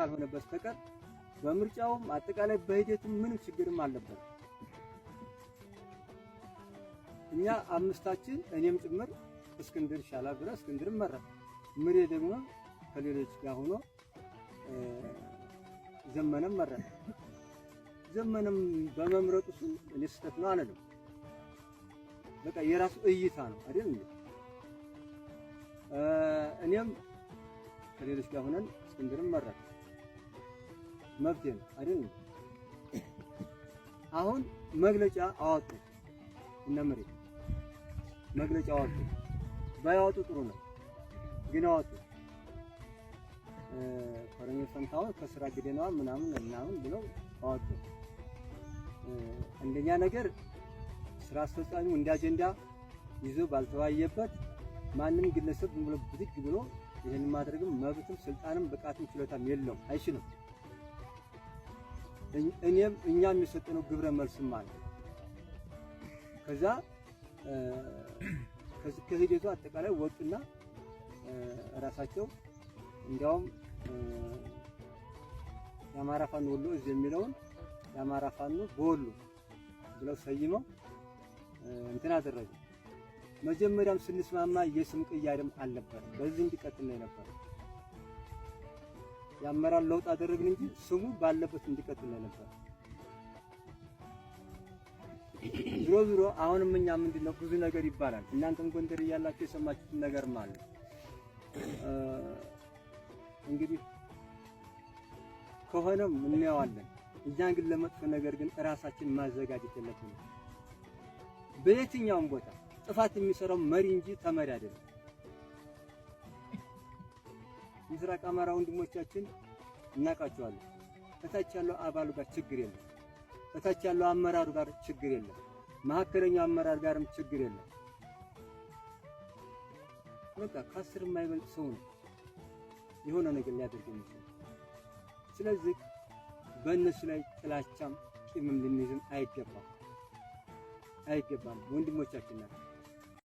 ካልሆነ በስተቀር በምርጫውም አጠቃላይ በሂደቱም ምንም ችግርም አለበት እኛ አምስታችን እኔም ጭምር እስክንድር ሻላ ድረስ እስክንድር መራ። ምሬ ደግሞ ከሌሎች ጋር ሆኖ ዘመነም መራ። ዘመነም በመምረጡ እሱ እኔ ስህተት ነው አለለም። በቃ የራሱ እይታ ነው አይደል እንዴ? እኔም ከሌሎች ጋር ሆነን እስክንድርም መራ። መብት ነው አይደል? አሁን መግለጫ አወጡ እነ መሬት መግለጫ አወጡ። ባያወጡ ጥሩ ነው፣ ግን አወጡ። ኮሎኔል ፈንታሁን ከስራ ግደነዋል ምናምን ምናምን ብለው አወጡ። አንደኛ ነገር ስራ አስፈጻሚው እንደ አጀንዳ ይዞ ባልተወያየበት ማንም ግለሰብ ዝም ብሎ ብድግ ብሎ ይህን ማድረግም መብትም ስልጣንም ብቃትም ችሎታም የለውም፣ አይችልም። እኔም እኛም የሰጠነው ግብረ መልስም አለ። ከዛ ከሂደቱ አጠቃላይ ወጡና ራሳቸው እንዲያውም የአማራ ፋኖ ወሎ እዚህ የሚለውን የአማራ ፋኖ በወሎ ብለው ሰይመው እንትን አደረገ። መጀመሪያም ስንስማማ የስም ቅያድም አልነበረ። በዚህ እንዲቀጥል ነው የነበረው። የአመራር ለውጥ አደረግን እንጂ ስሙ ባለበት እንዲቀጥል ነበር። ዞሮ ዞሮ አሁንም እኛ ምንድነው ብዙ ነገር ይባላል። እናንተም ጎንደር እያላችሁ የሰማችሁ ነገር ማለ እንግዲህ ከሆነም እናየዋለን። እኛን ግን ለመጥፎ ነገር ግን እራሳችን ማዘጋጀት የለብንም። በየትኛውም ቦታ ጥፋት የሚሰራው መሪ እንጂ ተመሪ አይደለም። ምስራቅ አማራ ወንድሞቻችን እናውቃቸዋለን። ከታች ያለው አባሉ ጋር ችግር የለም። ከታች ያለው አመራሩ ጋር ችግር የለም። መካከለኛው አመራር ጋርም ችግር የለም። በቃ ከአስር የማይበልጥ ሰው ነው የሆነ ነገር ሊያደርግ የሚችል። ስለዚህ በእነሱ ላይ ጥላቻም ቂምም ልንይዝም አይገባም አይገባም። ወንድሞቻችን ናቸው።